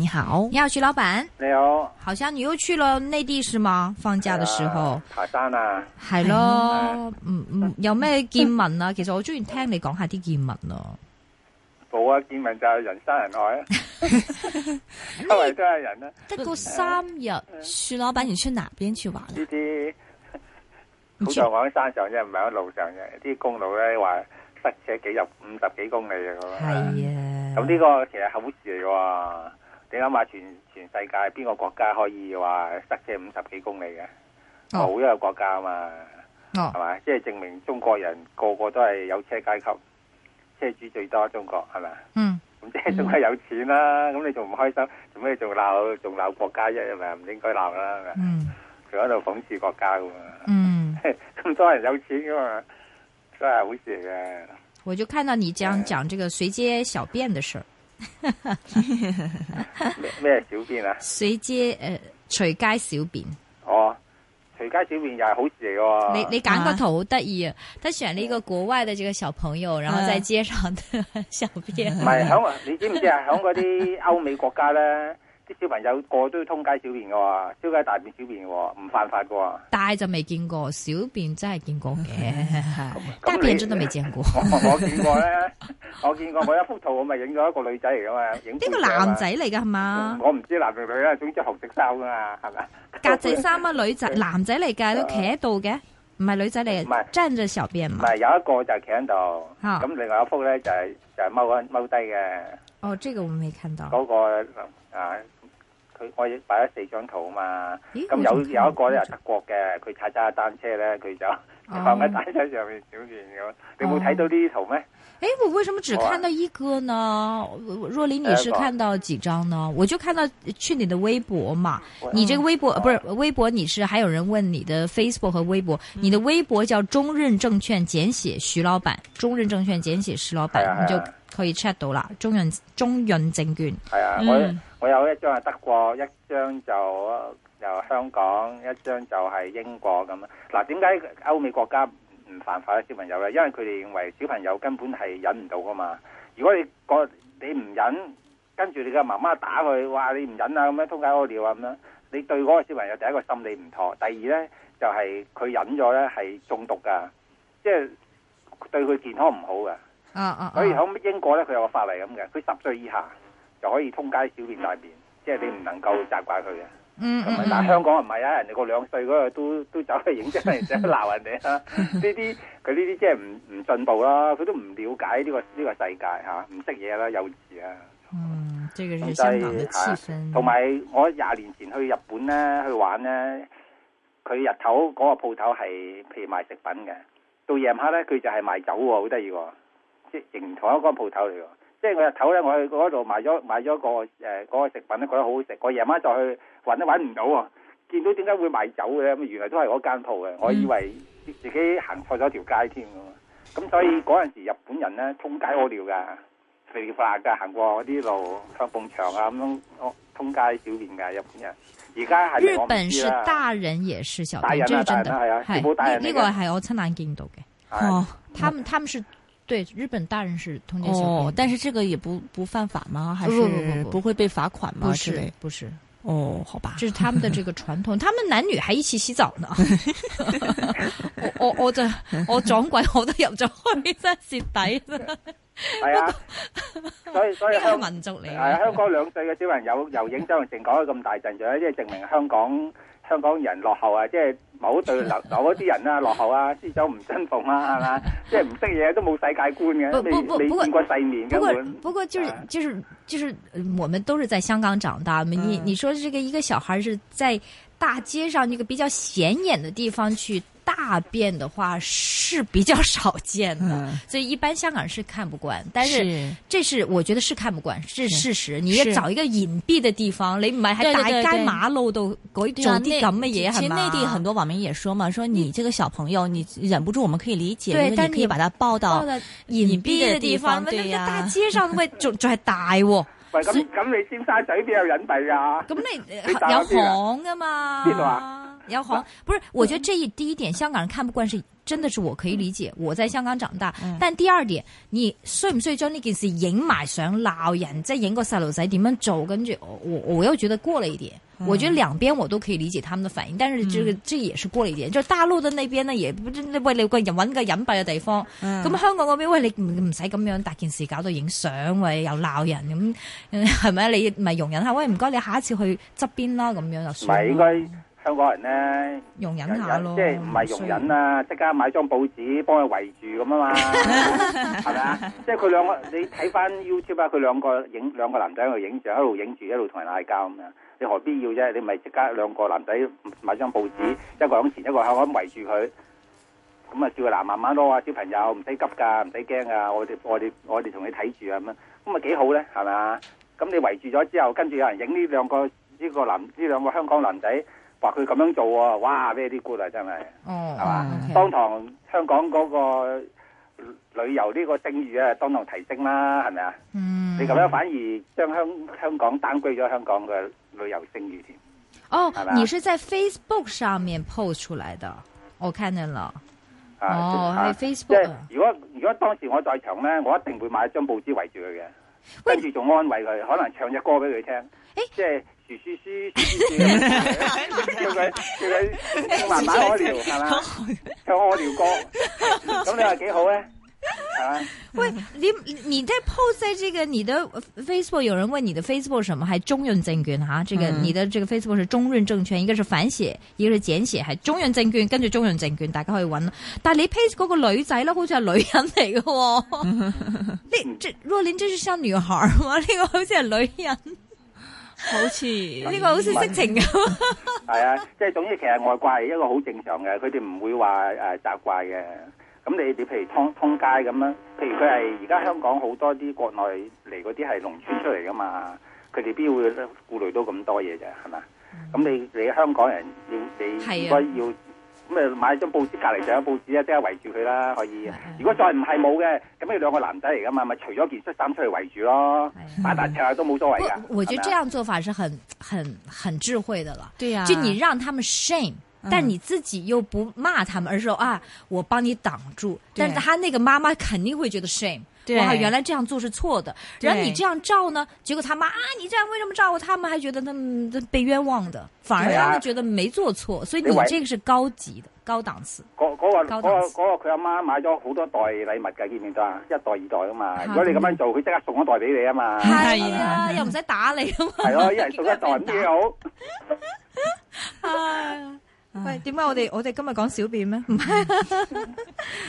你好，你好徐老闆，你好，好像你又去了內地是嗎？放假的時候，爬山啊。係咯，嗯嗯，有咩見聞啊？其實我中意聽你講下啲見聞咯。冇啊，見聞就係人山人海啊，因為都係人啦。得過三日，徐老闆你去哪邊去玩？呢啲好在我喺山上啫，唔係喺路上嘅。啲公路咧，話塞車幾入五十幾公里啊。咁係啊，咁呢個其實好事嚟嘅。你諗下，全全世界邊個國家可以話塞車五十幾公里嘅？冇一個國家啊嘛，係嘛、oh.？即係證明中國人個個都係有車階級，車主最多中國係咪？是嗯，咁即係仲係有錢啦、啊。咁、嗯、你仲唔開心？做咩仲鬧？仲鬧國家？一係咪唔應該鬧啦？嗯，佢喺度諷刺國家噶嘛？嗯，咁 多人有錢噶嘛、啊，真係好事嚟嘅、啊。我就看到你講講這個隨街小便的事兒。咩 小便啊？水姐誒，隨、呃、街小便。哦，隨街小便又係好事嚟嘅、啊。你你揀個圖好得意，啊、佢選咗一個國外嘅這個小朋友，啊、然後在街上小便。唔係、啊，響你知唔知啊？響嗰啲歐美國家咧。 啲小朋友個都要通街小便嘅喎，通街大便小便嘅喎，唔犯法嘅喎。大就未見過，小便真係見過嘅，大便真都未見過。我見過咧，我見過我一幅圖，我咪影咗一個女仔嚟嘅嘛，影呢個男仔嚟嘅係嘛？我唔知男定女啦，總之紅色衫㗎嘛，係嘛？格仔衫啊，女仔男仔嚟㗎都企喺度嘅，唔係女仔嚟嘅，真係時候變唔係，有一個就企喺度，咁另外一幅咧就係就係踎緊踎低嘅。哦，即係個會唔會傾到。嗰個啊。佢我擺咗四張圖啊嘛，咁有有一個咧係德國嘅，佢踩揸單車咧，佢就放喺單車上面小便咁，你冇睇到呢啲圖咩？哎，我為什麼只看到一個呢？若琳，你是看到幾張呢？我就看到去你的微博嘛，你這個微博不是微博，你是還有人問你的 Facebook 和微博，你的微博叫中任證券簡寫徐老闆，中任證券簡寫石老闆，你就。佢以 check 到啦，中潤中潤證券係啊，我我有一張係德國，一張就就香港，一張就係英國咁。嗱、啊，點解歐美國家唔犯法嘅小朋友咧，因為佢哋認為小朋友根本係忍唔到噶嘛。如果你你唔忍，跟住你嘅媽媽打佢，話你唔忍啊，咁樣通街屙尿啊，咁樣，你對嗰個小朋友第一個心理唔妥，第二咧就係、是、佢忍咗咧係中毒噶，即、就、係、是、對佢健康唔好噶。啊啊，啊！所以喺英國咧，佢有個法例咁嘅。佢十歲以下就可以通街小便大便，即係你唔能夠責怪佢嘅。嗯嗯。嗱，香港唔係啊，人哋個兩歲嗰個都都走去影相，走去鬧人哋啊！呢啲佢呢啲即係唔唔進步啦，佢都唔了解呢個呢個世界嚇，唔識嘢啦，幼稚啊。啊嗯，這個係香港嘅氣氛。同埋我廿年前去日本咧，去玩咧，佢日頭嗰個鋪頭係譬如賣食品嘅，到夜晚黑咧佢就係賣酒喎，好得意喎。即係營台一間鋪頭嚟㗎，即係我日頭咧，我去嗰度買咗買咗個誒嗰、呃、食品咧，覺得好好食。我夜晚再去揾都揾唔到喎，見到點解會賣酒嘅，咁，原來都係嗰間鋪嘅，我以為自己行錯咗條街添。咁、嗯、所以嗰陣時日本人咧通街屙尿㗎，廢話㗎，行過啲路、香棒牆啊咁樣，通街小便㗎。日本人而家係日本是大人也是小，係啊係啊係啊，呢呢個係我親眼見到嘅。哦、嗯他，他們他們是。對，日本大人是通街小便，哦，但是這個也不不犯法嗎？還是不會被罰款嗎？不是，不是。哦，好吧，就是他們的這個傳統， 他們男女還一起洗澡呢。我我我我撞 鬼我都入咗去，真蝕底啦。係 啊，所以所以香港 民族嚟 啊，香港兩歲嘅小朋友又影張成港咁大陣仗，即係證明香港。香港人落後啊，即係某對留留嗰啲人啊，落後啊， 思想唔進步啊，係嘛？即係唔識嘢，都冇世界觀嘅，不未不，不過不過不過就是就是 就是，就是，我們都是在香港長大， 你你說這個一個小孩是在大街上呢個比較顯眼的地方去。大便的話是比較少見的，所以一般香港人是看不慣。但是這是我覺得是看不慣，這是事實。你要找一個隱蔽的地方，你唔係還大一街馬路都鬼走地咁咩？也很。其實內地很多網民也說嘛，說你這個小朋友，你忍不住我們可以理解，因為你可以把他抱到隱蔽的地方。對呀，大街上會就就還大喔。喂，咁咁你尖沙咀邊有隱蔽啊？咁你有房噶嘛？邊度啊？然後黃，不是，我覺得這一第一點，香港人看不慣是，真的是我可以理解，嗯、我在香港長大。嗯、但第二點，你需唔需要將呢件事影埋相鬧人。即影個細路仔點樣做，跟住我我又覺得過了一點。嗯、我覺得兩邊我都可以理解他們的反應，但是這個這也是過了一點。嗯、就大陸嗰那邊咧，爺，你喂你個人揾個隱蔽嘅地方。咁、嗯、香港嗰邊喂你唔唔使咁樣大件事搞到影相，喂又鬧人咁，係、嗯、咪你咪容忍下喂，唔該你下一次去側邊啦，咁樣就。算。香港人咧容忍下咯，人即係唔係容忍啊？即刻買張報紙幫佢圍住咁啊嘛，係咪啊？即係佢兩個，你睇翻 YouTube 啊，佢兩個影兩個男仔喺度影相，一路影住一路同人嗌交咁樣，你何必要啫？你咪即刻兩個男仔買張報紙， 一個向前，一個向後圍住佢，咁啊叫佢嗱慢慢咯啊，小朋友唔使急噶，唔使驚啊！我哋我哋我哋同你睇住啊咁樣，咁啊幾好咧，係咪啊？咁你圍住咗之後，跟住有人影呢兩個呢、呢個男呢兩個香港男仔。話佢咁樣做啊，哇 very good 啊，真係，係嘛？當堂香港嗰個旅遊呢個聲譽啊，當堂提升啦，係咪啊？嗯，你咁樣反而將香香港耽居咗香港嘅旅遊聲譽添。哦，是吧你是在 Facebook 上面 post 出來的，我看見啦。啊、哦，喺、啊、Facebook。即係如果如果當時我在場咧，我一定會買張報紙圍住佢嘅，跟住仲安慰佢，喂可能唱隻歌俾佢聽。欸、即係嘘嘘叫佢叫佢慢慢我聊係嘛，讓我聊歌，咁你話幾好咧？喂，嗯、你你啲 post 在這個你的 Facebook，有人問你的 Facebook 係什麼？係中潤證券吓、啊，這個、嗯、你的 Facebook 是中潤證券，一個是反寫，一個是簡寫，係中潤證券，跟住中潤證券，大家可以揾。但係你 pose 嗰個女仔咧，好似係女人嚟嘅喎。若琳，這是像女孩呢、這個好似係女人。好似呢、嗯、個好似色情咁是，係啊， 即係總之其實外掛係一個好正常嘅，佢哋唔會話誒責怪嘅。咁你哋譬如通通街咁啦，譬如佢係而家香港好多啲國內嚟嗰啲係農村出嚟㗎嘛，佢哋、嗯、必會顧慮到咁多嘢啫？係嘛，咁、嗯、你你香港人要你，你應該要、啊。咁誒買張報紙隔離就有報紙啊，即係圍住佢啦，可以。如果再唔係冇嘅，咁樣兩個男仔嚟噶嘛，咪除咗件恤衫出去圍住咯，擺大尺都冇所謂噶。 吧我覺得這樣做法是很、很、很智慧的啦。對啊，就你讓他們 shame，但你自己又不罵他們而說、嗯、啊，我幫你擋住。但是他那個媽媽肯定會覺得 shame。對哇！原來這樣做是錯的，對然後你這樣照呢，結果他媽啊，你這樣為什麼照他？他們還覺得他們被冤枉的，反而他們覺得沒做錯。所以你這個是高級的位高檔、嗰個、次。嗰嗰、嗰個、嗰個個佢阿媽買咗好多袋禮物嘅，記唔記得啊？一袋二袋啊嘛，如果你咁樣做，佢即刻送一袋俾你啊嘛。係啊，啊啊又唔使打你啊嘛。係咯、啊，一人送一袋咁好。 喂，點解我哋我哋今日講小便咩？唔 係，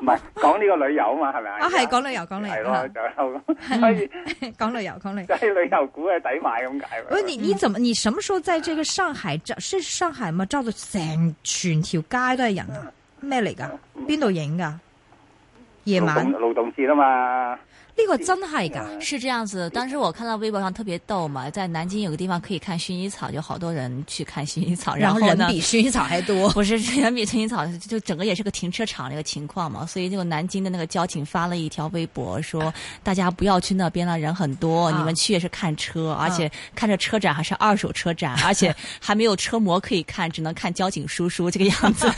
唔係講呢個旅遊嘛係咪？是不是啊，係講旅遊講旅遊，係講旅遊講旅遊，即係旅遊股係抵買咁解。喂，你你怎麼你什麼時候在這個上海是上海嘛？照到成全條街都係人啊？咩嚟噶？邊度影噶？夜晚勞動節啦嘛。呢個真係㗎，是這樣子。當時我看到微博上特別逗嘛，在南京有個地方可以看薰衣草，就好多人去看薰衣草，然後呢？人比薰衣草還多。 不是人比薰衣草，就整個也是個停車場的一個情況嘛。所以就南京的那個交警發了一條微博，說、啊、大家不要去那邊了，人很多，啊、你們去也是看車，啊、而且看着車展還是二手車展，而且還沒有車模可以看， 只能看交警叔叔這個樣子。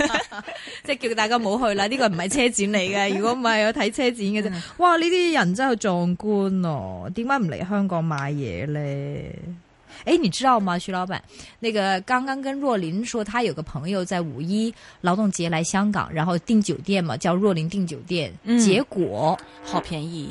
再 叫大家冇去啦，呢 個唔係車展嚟嘅，如果唔係有睇車展嘅啫。哇，呢啲人真。好壯觀哦，點解唔嚟香港買嘢咧？誒，你知道嗎？徐老闆，那個剛剛跟若琳說，他有個朋友在五一勞動節來香港，然後訂酒店嘛，叫若琳訂酒店，嗯，結果好便宜。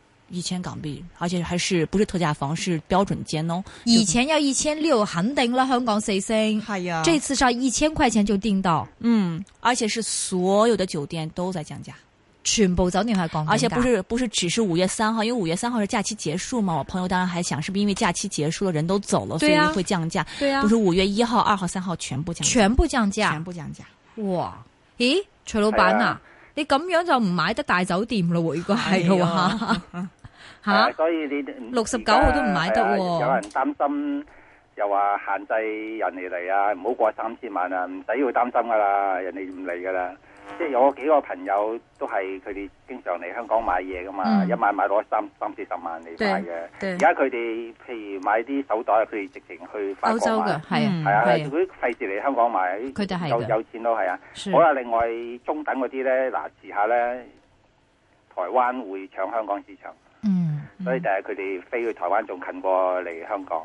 一千港幣，而且還是不是特價房，是標準間哦。以前要一千六，肯定啦，香港四星。係啊呀。這次上一千塊錢就訂到，嗯，而且是所有的酒店都在降價，全部酒店在降。而且不是不是只是五月三號，因為五月三號是假期結束嘛。我朋友當然還想，是不是因為假期結束了，人都走了，啊、所以會降價？對啊。不是五月一號、二號、三號全部降。全部降價。全部降價。降價哇，咦，徐老闆啊，呀你咁樣就唔買得大酒店咯？如果係嘅話。吓，所以你六十九號都唔買得。有人擔心，又話限制人哋嚟啊，唔好過三千萬啊，唔使要擔心噶啦，人哋唔嚟噶啦。即係有幾個朋友都係佢哋經常嚟香港買嘢噶嘛，一買買到三三四十萬嚟買嘅。而家佢哋譬如買啲手袋，佢哋直情去歐洲嘅，係啊係啊，佢費事嚟香港買，佢就係有有錢都係啊。好啦，另外中等嗰啲咧，嗱，遲下咧台灣會搶香港市場。所以第日佢哋飛去台灣仲近過嚟香港，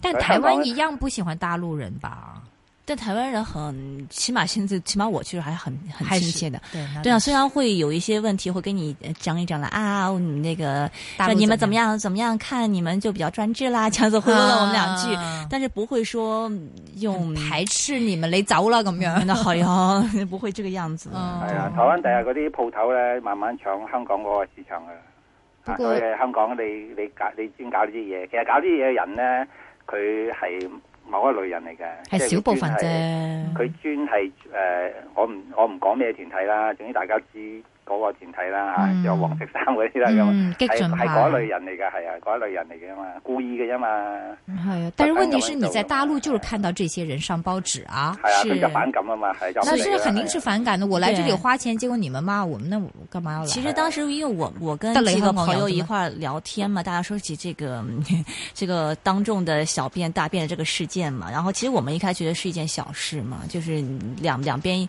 但台灣一樣不喜歡大陸人吧？但台灣人很，起碼甚至，起碼我其實還很很親切的。對，對啊，雖然會有一些問題，會跟你講一講啦。啊，你、嗯、那個，就你們怎麼樣？怎麼樣，怎麼樣？看你們就比較專制啦，強子會問了我們兩句，啊、但是不會說用排斥你們嚟走啦咁樣。那好喲不會這個樣子。係啊，啊，台灣第日嗰啲鋪頭咧，慢慢搶香港嗰個市場啊。啊、所以香港，你你，你專搞你專搞呢啲嘢，其實搞呢啲嘢嘅人咧，佢係某一類人嚟嘅，係小部分啫。佢專係誒，我唔我唔講咩團體啦，總之大家知。嗰個前提啦嚇，有黃色衫嗰啲啦，又係係嗰類人嚟嘅，係啊，嗰類人嚟嘅嘛，故意嘅嘛。係啊、嗯，但係問題是，你在大陸就是看到這些人上報紙啊，係啊，比較反感啊嘛，係啊，較。那是，是肯定是反感的。是是我來這裡花錢，對結果你們罵我們，那幹嘛要來？其實當時因為我我跟幾個朋友一塊聊天嘛，大家說起這個這個當眾的小便大便這個事件嘛，然後其實我們一開始覺得是一件小事嘛，就是兩兩邊。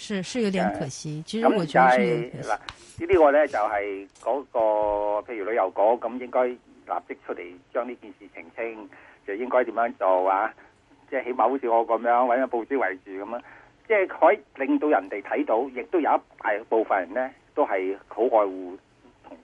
是是有點可惜，嗯、其實我覺得是有點、嗯是這個、呢就呢咧就係嗰個，譬如旅遊局，咁應該立即出嚟將呢件事澄清，清，就應該點樣做啊？即、就、係、是、起碼好似我咁樣搵個報紙圍住咁啊，即係、就是、可以令到人哋睇到，亦都有一大部分人咧都係好愛護。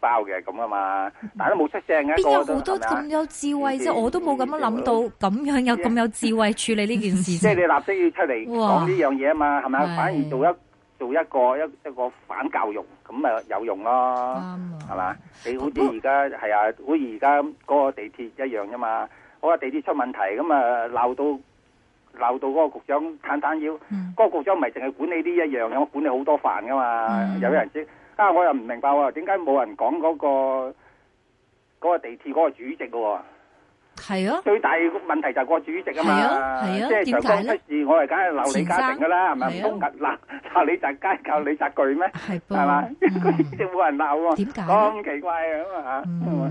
包嘅咁啊嘛，但係都冇出聲啊！邊有好多咁有智慧啫？即係我都冇咁樣諗到，咁樣有咁有智慧處理呢件事。即係你立即要出嚟講呢樣嘢啊嘛，係咪？反而做一做一個一一個反教育咁啊有用咯，係嘛？你好似而家係啊，好似而家嗰個地鐵一樣啫嘛。我話地鐵出問題咁啊，鬧到鬧、嗯、到嗰個局長坦坦要，嗰、嗯、個局長唔係淨係管理呢一樣嘅，我管理好多範噶嘛，嗯、有人知。啊！我又唔明白喎，點解冇人講嗰、嗰個嗰個地鐵嗰個主席嘅喎？啊，最大問題就係個主席啊嘛，即係想講出事，我係梗係鬧李嘉誠嘅啦，係咪生？唔通隔鬧鬧你就街，鬧你就句咩？係噃，係冇吧、嗯、點解咧、啊？咁奇怪嘅咁啊嚇！嗯，好不好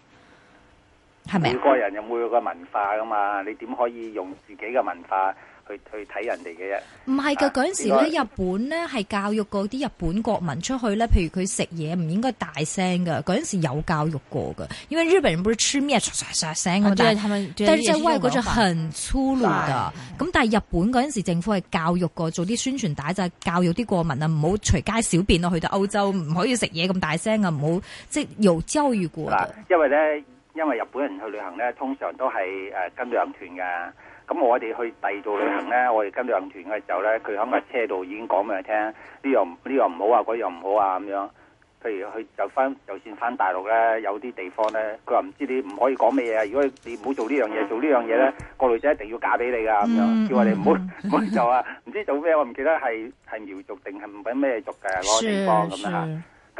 每個人有每個個文化噶嘛，你點可以用自己嘅文化去去睇人哋嘅啫？唔係噶。嗰陣時咧，日本咧係教育過啲日本國民出去咧，譬如佢食嘢唔應該大聲噶。嗰陣時有教育過噶，因為日本，日本人會吹咩啊，唰唰唰聲噶，但係是但係真係喂嗰種很粗魯噶。咁對但係日本嗰陣時政府係教育過做啲宣傳帶，就係、是、教育啲國民啊，唔好隨街小便咯，去到歐洲唔可以食嘢咁大聲啊，唔好即係如遭遇故因為咧。因為日本人去旅行咧，通常都係誒、呃、跟旅行團噶。咁我哋去第二度旅行咧，我哋跟旅行團嘅時候咧，佢喺個車度已經講俾你聽，呢樣呢樣唔好啊，嗰樣唔好啊咁樣。譬如去就翻就算翻大陸咧，有啲地方咧，佢話唔知你唔可以講咩嘢啊。如果你唔好做呢樣嘢，做這呢樣嘢咧，個女仔一定要嫁俾你噶。叫你唔好唔好做啊！唔知做咩，我唔記得係係苗族定係唔係咩族嘅嗰、那個、地方咁樣啊。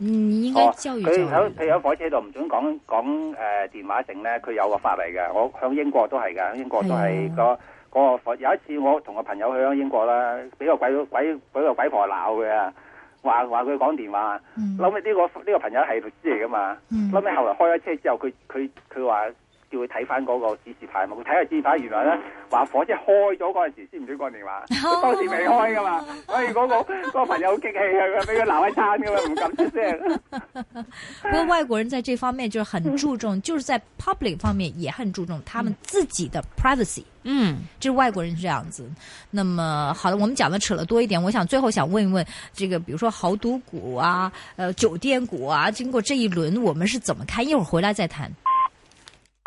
嗯，應該教育咗佢喺佢喺火車度唔准講講誒、呃、電話定咧，佢有個法例嘅。我響英國都係嘅，英國都係、嗰個啊、有一次我同個朋友去響英國啦，俾個鬼鬼俾個鬼婆鬧佢呀，話話佢講電話。諗起呢個呢、呢個、朋友係律師嚟噶嘛，諗起、嗯、後來開咗車之後，佢佢佢話。叫佢睇翻嗰個指示牌嘛，佢睇下指示牌，原來呢話火車開咗嗰陣時先唔準講電話，佢當時未開噶嘛。 所嗰、那個嗰、那個、朋友好激氣啊，俾佢鬧一餐㗎嘛，唔敢出聲。不過， 外國人在這方面就是很注重，嗯、就是在 public 方面也很注重他們自己的 privacy。嗯，就是外國人是這樣子。那麼好的，我們講得扯了多一點，我想最後想問一問，這個比如說豪賭股啊，呃，酒店股啊，經過這一輪，我們是怎麼看？一會兒回來再談。